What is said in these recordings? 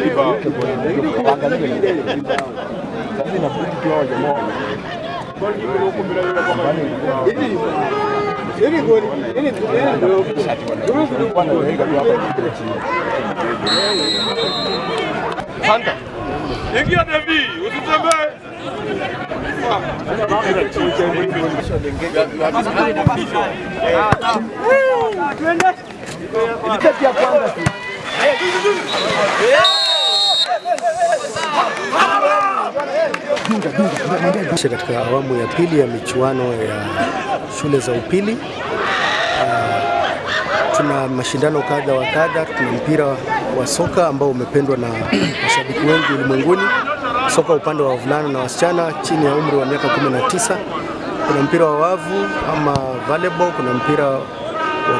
Ingia Davi, usitembee. Twende. Ilitati ya kwanza tu. Katika awamu ya pili ya michuano ya shule za upili uh, tuna mashindano kadha wa kadha. Tuna mpira wa soka ambao umependwa na mashabiki wengi ulimwenguni, soka upande wa wavulana na wasichana chini ya umri wa miaka 19. Kuna mpira wa wavu ama volleyball, kuna mpira wa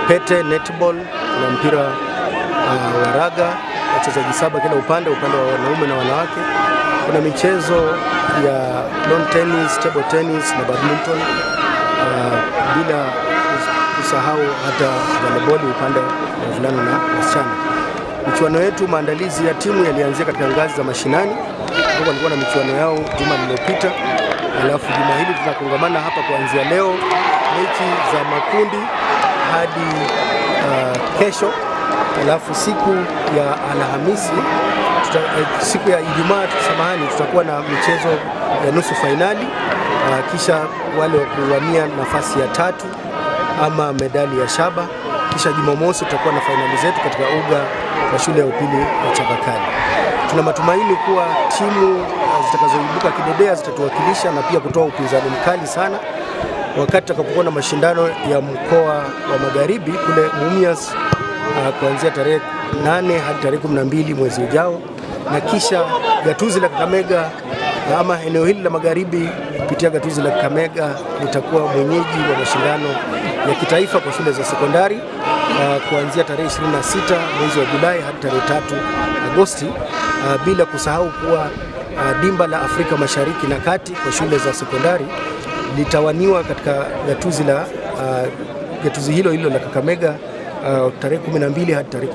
pete netball, kuna mpira uh, wa raga, wachezaji saba kila upande, upande wa wanaume na wanawake kuna michezo ya lawn tennis, table tennis na badminton uh, bila kusahau hata volleyball upande wa vulana na wasichana. Michuano yetu, maandalizi ya timu yalianzia katika ngazi za mashinani, ambao walikuwa na michuano yao juma lililopita, alafu juma hili tunakongamana hapa kuanzia leo mechi za makundi hadi uh, kesho alafu siku ya Alhamisi tuta, eh, siku ya Ijumaa tusamahani, tutakuwa na michezo ya nusu fainali uh, ah, kisha wale wa kuwania nafasi ya tatu ama medali ya shaba, kisha Jumamosi tutakuwa na fainali zetu katika uga wa shule ya upili ya Chapakali. Tuna matumaini kuwa timu ah, zitakazoibuka kidedea zitatuwakilisha na pia kutoa upinzani mkali sana wakati tutakapokuwa na mashindano ya mkoa wa Magharibi kule Mumias Ah, kuanzia tarehe 8 hadi tarehe 12 mwezi ujao, na kisha gatuzi la Kakamega ama eneo hili la magharibi kupitia gatuzi la Kakamega litakuwa mwenyeji wa mashindano ya kitaifa kwa shule za sekondari uh, kuanzia tarehe 26 mwezi wa Julai hadi tarehe 3 Agosti, uh, bila kusahau kuwa uh, dimba la Afrika Mashariki na Kati kwa shule za sekondari litawaniwa katika gatuzi la uh, gatuzi hilo hilo la Kakamega uh, tarehe 12 hadi tarehe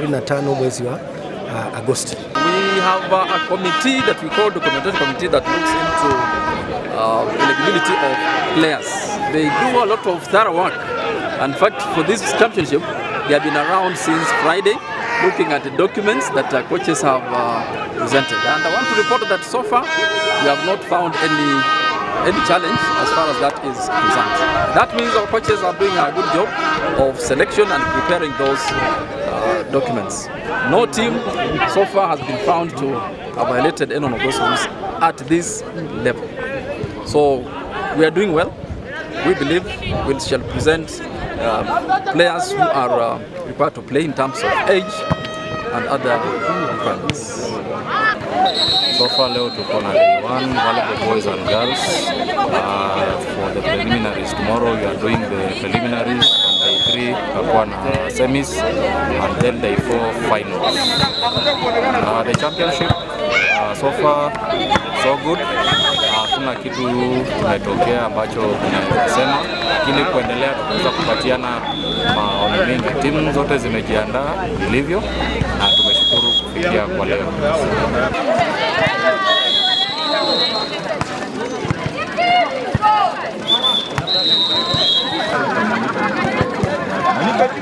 25 mwezi wa uh, Agosti. We have a, committee that we call the committee that looks into uh, eligibility of players. They do a lot of thorough work. In fact, for this championship, they have been around since Friday looking at the documents that uh, coaches have uh, presented. And I want to report that so far we have not found any any challenge as far as that is concerned. That means our coaches are doing a good job of selection and preparing those uh, documents. No team so far has been found to have violated any of those rules at this level. So we are doing well. We believe we shall present uh, players who are uh, required to play in terms of age and other requirements. So far leo tuko na day one volleyball boys and girls. Uh, for the preliminaries tomorrow we are doing the preliminaries and day three tutakuwa na semis and then day four finals. Uh, the championship uh, so far so good. Uh, hakuna uh, kitu kimetokea ambacho tunasema, lakini kuendelea tutaweza kupatiana uh, maoni mengi. Timu zote zimejiandaa vilivyo uh, Yeah, Negative,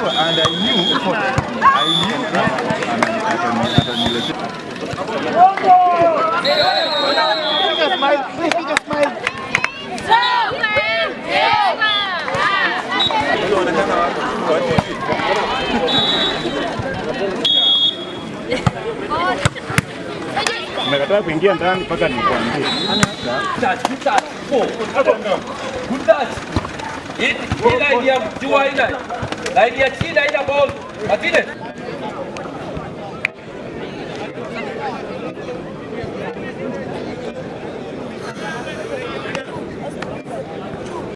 and I knew, I knew I knew Sijakataa kuingia ndani mpaka nikuambie. Ile ile ya jua ile. Ile ya chini ile bozo. Atile.